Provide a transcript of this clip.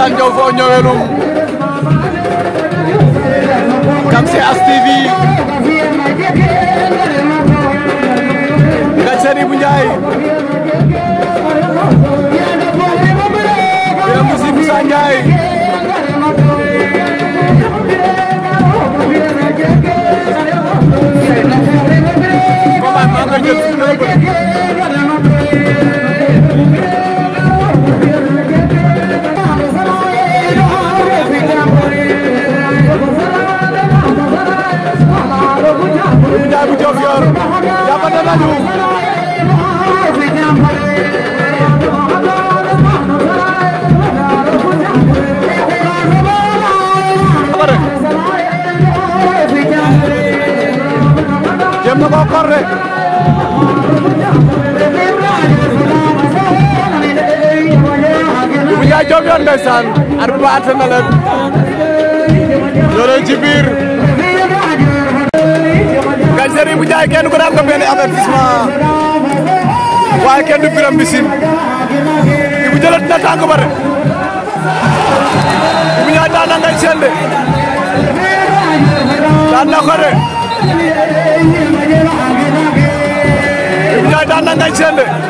Alassane Diaw fo o ñoowelum kam se as tv ngaj Sadibou Ndiaye ye musibu sa Ndiaye dem na ko korre bu yaa jom yoon ndeysaan ar bu baate na leen loolu ci biir Galgérie bu jaay kenn ku daan ko benn avertissement waaye kenn du biram bisin bu jëlat na tànk ba rek bu ñaa daan na ngay de daan na ko rek Ananga Chende.